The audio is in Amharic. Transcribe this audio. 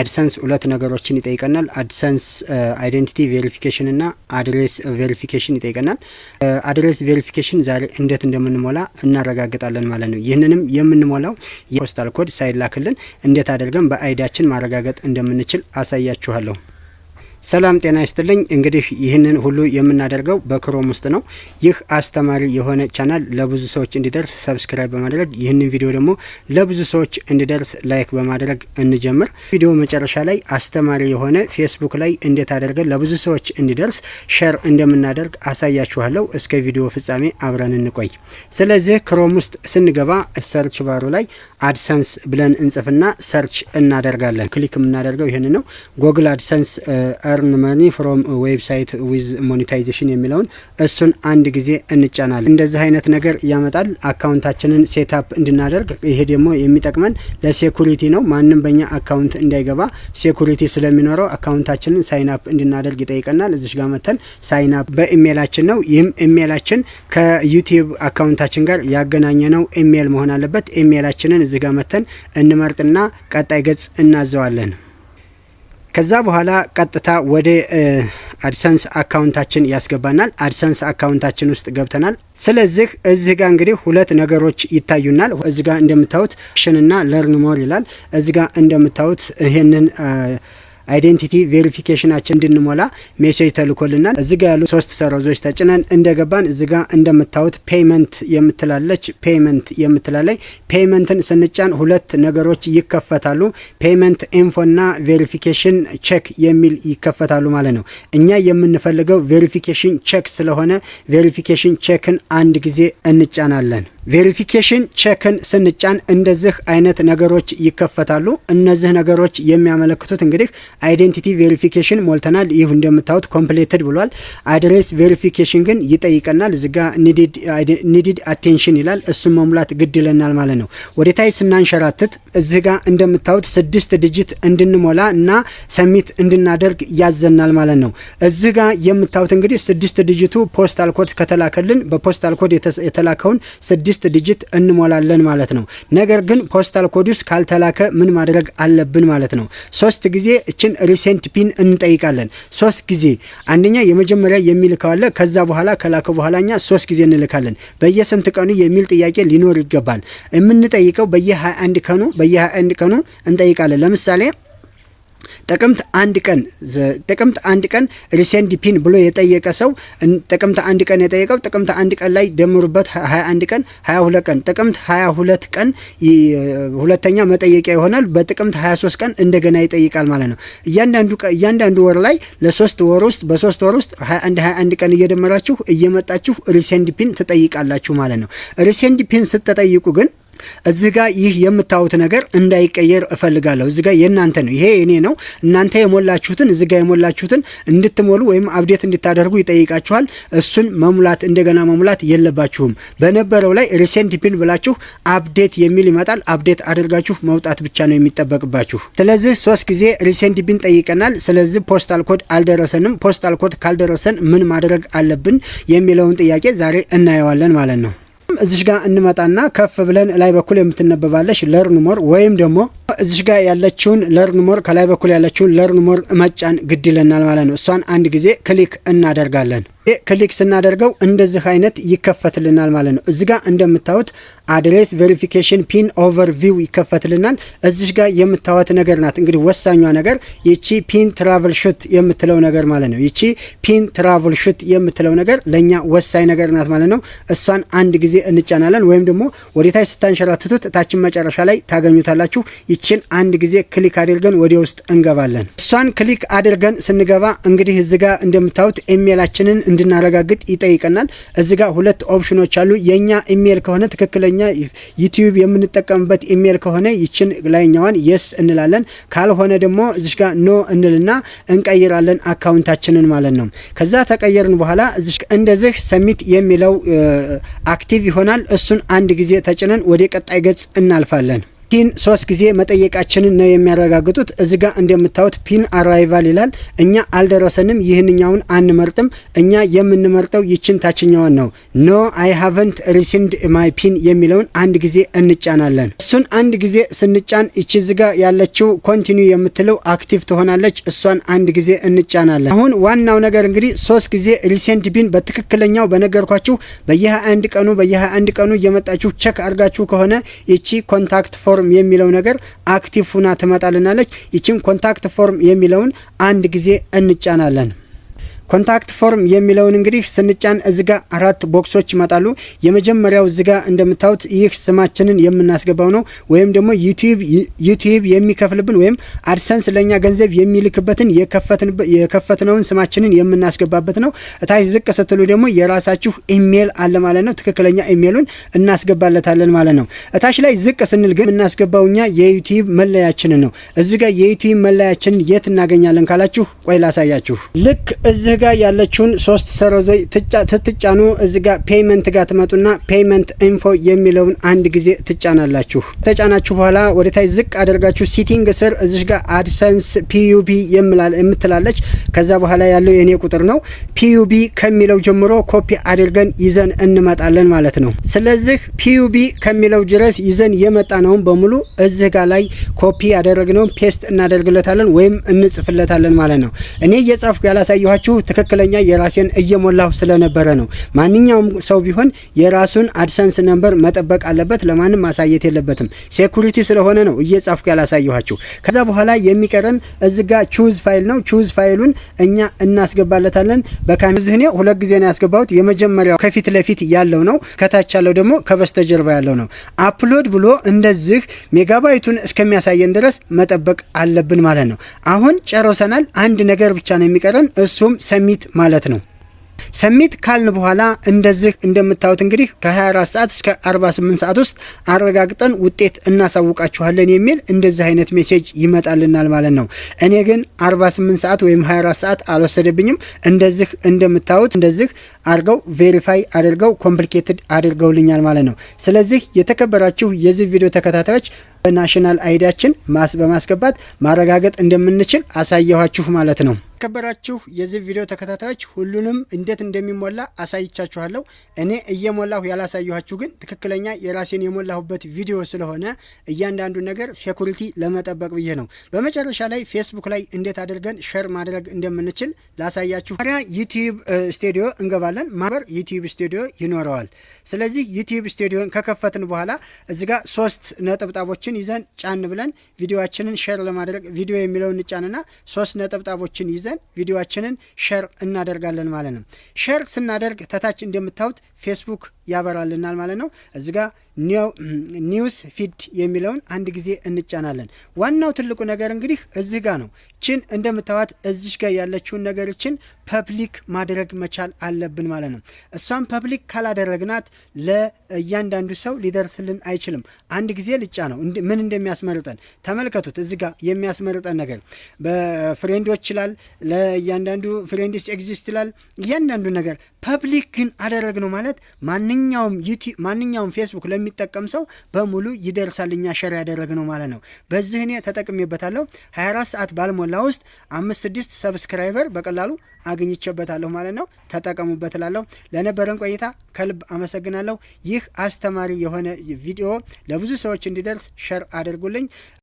አድሰንስ ሁለት ነገሮችን ይጠይቀናል። አድሰንስ አይደንቲቲ ቬሪፊኬሽን እና አድሬስ ቬሪፊኬሽን ይጠይቀናል። አድሬስ ቬሪፊኬሽን ዛሬ እንዴት እንደምንሞላ እናረጋግጣለን ማለት ነው። ይህንንም የምንሞላው የፖስታል ኮድ ሳይላክልን እንዴት አድርገን በአይዲያችን ማረጋገጥ እንደምንችል አሳያችኋለሁ። ሰላም ጤና ይስጥልኝ። እንግዲህ ይህንን ሁሉ የምናደርገው በክሮም ውስጥ ነው። ይህ አስተማሪ የሆነ ቻናል ለብዙ ሰዎች እንዲደርስ ሰብስክራይብ በማድረግ ይህንን ቪዲዮ ደግሞ ለብዙ ሰዎች እንዲደርስ ላይክ በማድረግ እንጀምር። ቪዲዮ መጨረሻ ላይ አስተማሪ የሆነ ፌስቡክ ላይ እንዴት አደርገን ለብዙ ሰዎች እንዲደርስ ሼር እንደምናደርግ አሳያችኋለሁ። እስከ ቪዲዮ ፍጻሜ አብረን እንቆይ። ስለዚህ ክሮም ውስጥ ስንገባ ሰርች ባሩ ላይ አድሰንስ ብለን እንጽፍና ሰርች እናደርጋለን። ክሊክ የምናደርገው ይህን ነው፣ ጎግል አድሰንስ ኤርን መኒ ፍሮም ዌብሳይት ዊዝ ሞኔታይዜሽን የሚለውን እሱን አንድ ጊዜ እንጫናለን። እንደዚህ አይነት ነገር ያመጣል። አካውንታችንን ሴታፕ እንድናደርግ ይሄ ደግሞ የሚጠቅመን ለሴኩሪቲ ነው። ማንም በኛ አካውንት እንዳይገባ ሴኩሪቲ ስለሚኖረው አካውንታችንን ሳይንፕ እንድናደርግ ይጠይቀናል። እዚሽ ጋር መተን ሳይንፕ በኢሜላችን ነው። ይህም ኢሜላችን ከዩቲዩብ አካውንታችን ጋር ያገናኘ ነው ኢሜል መሆን አለበት። ኢሜላችንን እዚህ ጋር መተን እንመርጥና ቀጣይ ገጽ እናዘዋለን። ከዛ በኋላ ቀጥታ ወደ አድሰንስ አካውንታችን ያስገባናል። አድሰንስ አካውንታችን ውስጥ ገብተናል። ስለዚህ እዚህ ጋር እንግዲህ ሁለት ነገሮች ይታዩናል። እዚህ ጋር እንደምታዩት ሽንና ለርን ሞር ይላል። እዚህ ጋር እንደምታዩት ይሄንን አይዴንቲቲ ቬሪፊኬሽናችን እንድንሞላ ሜሴጅ ተልኮልናል። እዚ ጋ ያሉ ሶስት ሰረዞች ተጭነን እንደገባን እዚ ጋ እንደምታዩት ፔይመንት የምትላለች ፔይመንት የምትላለይ ፔይመንትን ስንጫን ሁለት ነገሮች ይከፈታሉ። ፔይመንት ና ቬሪፊኬሽን ቼክ የሚል ይከፈታሉ ማለት ነው። እኛ የምንፈልገው ቬሪፊኬሽን ቼክ ስለሆነ ቬሪፊኬሽን ቼክን አንድ ጊዜ እንጫናለን። ቬሪፊኬሽን ቼክን ስንጫን እንደዚህ አይነት ነገሮች ይከፈታሉ። እነዚህ ነገሮች የሚያመለክቱት እንግዲህ አይዴንቲቲ ቬሪፊኬሽን ሞልተናል፣ ይህ እንደምታዩት ኮምፕሌትድ ብሏል። አድሬስ ቬሪፊኬሽን ግን ይጠይቀናል። እዚጋ ኒዲድ አቴንሽን ይላል። እሱን መሙላት ግድ ይለናል ማለት ነው። ወደታይ ስናንሸራትት እዚህ ጋር እንደምታዩት ስድስት ድጅት እንድንሞላ እና ሰሚት እንድናደርግ ያዘናል ማለት ነው። እዚህ ጋ የምታዩት እንግዲህ ስድስት ድጅቱ ፖስታል ኮድ ከተላከልን በፖስታል ኮድ የተላከውን ስድስት ስድስት ዲጂት እንሞላለን ማለት ነው። ነገር ግን ፖስታል ኮዱስ ካልተላከ ምን ማድረግ አለብን ማለት ነው? ሶስት ጊዜ እችን ሪሴንት ፒን እንጠይቃለን። ሶስት ጊዜ አንደኛ የመጀመሪያ የሚልከው አለ። ከዛ በኋላ ከላከ በኋላ እኛ ሶስት ጊዜ እንልካለን። በየስንት ቀኑ የሚል ጥያቄ ሊኖር ይገባል። የምንጠይቀው በየ21 ቀኑ በየ21 ቀኑ እንጠይቃለን። ለምሳሌ ጥቅምት አንድ ቀን ጥቅምት አንድ ቀን ሪሴንድ ፒን ብሎ የጠየቀ ሰው ጥቅምት አንድ ቀን የጠየቀው ጥቅምት አንድ ቀን ላይ ደምሩበት 21 ቀን 22 ቀን ጥቅምት 22 ቀን ሁለተኛ መጠየቂያ ይሆናል። በጥቅምት 23 ቀን እንደገና ይጠይቃል ማለት ነው። እያንዳንዱ ወር ላይ ለሶስት ወር ውስጥ በሶስት ወር ውስጥ 21 21 ቀን እየደመራችሁ እየመጣችሁ ሪሴንድ ፒን ትጠይቃላችሁ ማለት ነው። ሪሴንድ ፒን ስትጠይቁ ግን እዚህ ጋር ይህ የምታዩት ነገር እንዳይቀየር እፈልጋለሁ። እዚህ ጋር የእናንተ ነው፣ ይሄ እኔ ነው። እናንተ የሞላችሁትን እዚህ ጋር የሞላችሁትን እንድትሞሉ ወይም አብዴት እንድታደርጉ ይጠይቃችኋል። እሱን መሙላት እንደገና መሙላት የለባችሁም። በነበረው ላይ ሪሴንት ፒን ብላችሁ አብዴት የሚል ይመጣል። አብዴት አድርጋችሁ መውጣት ብቻ ነው የሚጠበቅባችሁ። ስለዚህ ሶስት ጊዜ ሪሴንት ፒን ጠይቀናል። ስለዚህ ፖስታል ኮድ አልደረሰንም። ፖስታል ኮድ ካልደረሰን ምን ማድረግ አለብን የሚለውን ጥያቄ ዛሬ እናየዋለን ማለት ነው። እዚሽ ጋር እንመጣና ከፍ ብለን ላይ በኩል የምትነበባለሽ ለርን ሞር ወይም ደግሞ እዚሽ ጋር ያለችውን ለርን ሞር ከላይ በኩል ያለችውን ለርን ሞር መጫን ግድ ይለናል ማለት ነው። እሷን አንድ ጊዜ ክሊክ እናደርጋለን። ይህ ክሊክ ስናደርገው እንደዚህ አይነት ይከፈትልናል ማለት ነው። እዚ ጋር እንደምታዩት አድሬስ ቬሪፊኬሽን ፒን ኦቨርቪው ይከፈትልናል። እዚሽ ጋር የምታዋት ነገር ናት እንግዲህ ወሳኟ ነገር ይቺ ፒን ትራቭል ሹት የምትለው ነገር ማለት ነው። ይቺ ፒን ትራቭል ሹት የምትለው ነገር ለእኛ ወሳኝ ነገር ናት ማለት ነው። እሷን አንድ ጊዜ እንጫናለን ወይም ደግሞ ወደታች ስታንሸራትቱት ታችን መጨረሻ ላይ ታገኙታላችሁ። ይችን አንድ ጊዜ ክሊክ አድርገን ወደ ውስጥ እንገባለን። እሷን ክሊክ አድርገን ስንገባ እንግዲህ እዚ ጋ እንደምታዩት ኢሜላችንን እንድናረጋግጥ ይጠይቀናል። እዚ ጋ ሁለት ኦፕሽኖች አሉ። የእኛ ኢሜል ከሆነ ትክክለ አንደኛ ዩቲዩብ የምንጠቀምበት ኢሜይል ከሆነ ይችን ላይኛዋን የስ እንላለን። ካልሆነ ደግሞ እዚሽ ጋር ኖ እንልና እንቀይራለን አካውንታችንን ማለት ነው። ከዛ ተቀየርን በኋላ እዚሽ እንደዚህ ሰሚት የሚለው አክቲቭ ይሆናል። እሱን አንድ ጊዜ ተጭነን ወደ ቀጣይ ገጽ እናልፋለን። ፒን ሶስት ጊዜ መጠየቃችንን ነው የሚያረጋግጡት። እዚ ጋር እንደምታዩት ፒን አራይቫል ይላል። እኛ አልደረሰንም፣ ይህንኛውን አንመርጥም። እኛ የምንመርጠው ይችን ታችኛዋን ነው። ኖ አይ ሃቨንት ሪሲንድ ማይ ፒን የሚለውን አንድ ጊዜ እንጫናለን። እሱን አንድ ጊዜ ስንጫን ይቺ እዚህ ጋር ያለችው ኮንቲኒ የምትለው አክቲቭ ትሆናለች። እሷን አንድ ጊዜ እንጫናለን። አሁን ዋናው ነገር እንግዲህ ሶስት ጊዜ ሪሴንት ፒን በትክክለኛው በነገርኳችሁ በየ21 ቀኑ በየ21 ቀኑ እየመጣችሁ ቸክ አድርጋችሁ ከሆነ ይቺ ኮንታክት ፎር ፎርም የሚለው ነገር አክቲቭ ሁና ትመጣልናለች። ይችን ኮንታክት ፎርም የሚለውን አንድ ጊዜ እንጫናለን። ኮንታክት ፎርም የሚለውን እንግዲህ ስንጫን እዚጋ አራት ቦክሶች ይመጣሉ። የመጀመሪያው እዚጋ እንደምታዩት ይህ ስማችንን የምናስገባው ነው ወይም ደግሞ ዩቲዩብ የሚከፍልብን ወይም አድሰንስ ለእኛ ገንዘብ የሚልክበትን የከፈትነውን ስማችንን የምናስገባበት ነው። እታች ዝቅ ስትሉ ደግሞ የራሳችሁ ኢሜል አለ ማለት ነው። ትክክለኛ ኢሜሉን እናስገባለታለን ማለት ነው። እታች ላይ ዝቅ ስንል ግን የምናስገባው እኛ የዩቲዩብ መለያችንን ነው። እዚጋ የዩቲዩብ መለያችንን የት እናገኛለን ካላችሁ ቆይ ላሳያችሁ። ልክ እዚህ ጋ ያለችውን ሶስት ሰረዞች ትትጫኑ እዚ ጋ ፔይመንት ጋር ትመጡና ፔይመንት ኢንፎ የሚለውን አንድ ጊዜ ትጫናላችሁ። ተጫናችሁ በኋላ ወደታይ ዝቅ አደርጋችሁ ሲቲንግ ስር እዚሽ ጋር አድሰንስ ፒዩቢ የምትላለች። ከዛ በኋላ ያለው የእኔ ቁጥር ነው። ፒዩቢ ከሚለው ጀምሮ ኮፒ አድርገን ይዘን እንመጣለን ማለት ነው። ስለዚህ ፒዩቢ ከሚለው ድረስ ይዘን የመጣ ነውን በሙሉ እዚህ ጋር ላይ ኮፒ ያደረግነውን ፔስት እናደርግለታለን ወይም እንጽፍለታለን ማለት ነው። እኔ እየጻፍኩ ያላሳየኋችሁ ትክክለኛ የራሴን እየሞላሁ ስለነበረ ነው። ማንኛውም ሰው ቢሆን የራሱን አድሰንስ ነንበር መጠበቅ አለበት። ለማንም ማሳየት የለበትም። ሴኩሪቲ ስለሆነ ነው እየጻፍኩ ያላሳየኋችሁ። ከዛ በኋላ የሚቀረን እዚ ጋ ቹዝ ፋይል ነው። ቹዝ ፋይሉን እኛ እናስገባለታለን በካሜ ሁለት ጊዜ ነው ያስገባሁት። የመጀመሪያው ከፊት ለፊት ያለው ነው። ከታች ያለው ደግሞ ከበስተጀርባ ያለው ነው። አፕሎድ ብሎ እንደዚህ ሜጋባይቱን እስከሚያሳየን ድረስ መጠበቅ አለብን ማለት ነው። አሁን ጨርሰናል። አንድ ነገር ብቻ ነው የሚቀረን እሱም ሰሚት ማለት ነው። ሰሚት ካልን በኋላ እንደዚህ እንደምታዩት እንግዲህ ከ24 ሰዓት እስከ 48 ሰዓት ውስጥ አረጋግጠን ውጤት እናሳውቃችኋለን የሚል እንደዚህ አይነት ሜሴጅ ይመጣልናል ማለት ነው። እኔ ግን 48 ሰዓት ወይም 24 ሰዓት አልወሰደብኝም። እንደዚህ እንደምታዩት እንደዚህ አድርገው ቬሪፋይ አድርገው ኮምፕሊኬትድ አድርገውልኛል ማለት ነው። ስለዚህ የተከበራችሁ የዚህ ቪዲዮ ተከታታዮች በናሽናል አይዲያችን ማስ በማስገባት ማረጋገጥ እንደምንችል አሳየኋችሁ ማለት ነው። የተከበራችሁ የዚህ ቪዲዮ ተከታታዮች ሁሉንም እንዴት እንደሚሞላ አሳይቻችኋለሁ። እኔ እየሞላሁ ያላሳየኋችሁ ግን ትክክለኛ የራሴን የሞላሁበት ቪዲዮ ስለሆነ እያንዳንዱ ነገር ሴኩሪቲ ለመጠበቅ ብዬ ነው። በመጨረሻ ላይ ፌስቡክ ላይ እንዴት አድርገን ሸር ማድረግ እንደምንችል ላሳያችሁ። ሪያ ዩቲዩብ ስቱዲዮ እንገባለን። ማበር ዩቲዩብ ስቱዲዮ ይኖረዋል። ስለዚህ ዩቲዩብ ስቱዲዮን ከከፈትን በኋላ እዚጋ ሶስት ነጠብጣቦችን ይዘን ጫን ብለን ቪዲዮችንን ሸር ለማድረግ ቪዲዮ የሚለውን እንጫንና ሶስት ነጠብጣቦችን ይዘን ይዘን ቪዲዮችንን ሸር እናደርጋለን ማለት ነው። ሸር ስናደርግ ተታች እንደምታዩት ፌስቡክ ያበራልናል ማለት ነው። እዚህ ኒውስ ፊድ የሚለውን አንድ ጊዜ እንጫናለን። ዋናው ትልቁ ነገር እንግዲህ እዚህ ጋ ነው። ችን እንደምታዋት እዚሽ ጋ ያለችውን ነገርችን ፐብሊክ ማድረግ መቻል አለብን ማለት ነው። እሷን ፐብሊክ ካላደረግናት ለእያንዳንዱ ሰው ሊደርስልን አይችልም። አንድ ጊዜ ልጫ ነው ምን እንደሚያስመርጠን ተመልከቱት። እዚ ጋ የሚያስመርጠን ነገር በፍሬንዶች ይላል፣ ለእያንዳንዱ ፍሬንድስ ኤግዚስት ይላል። እያንዳንዱ ነገር ፐብሊክ ግን ነው ማለት ማን ማንኛውም ዩቲዩብ ማንኛውም ፌስቡክ ለሚጠቀም ሰው በሙሉ ይደርሳል። እኛ ሸር ነው ማለት ነው። በዚህ እኔ ተጠቅሜበታለሁ። 24 ሰዓት ባልሞላ ውስጥ አምስት ስድስት ሰብስክራይበር በቀላሉ አግኝቼበታለሁ ማለት ነው። ተጠቀሙበት እላለሁ። ለነበረን ቆይታ ከልብ አመሰግናለሁ። ይህ አስተማሪ የሆነ ቪዲዮ ለብዙ ሰዎች እንዲደርስ ሸር አድርጉልኝ።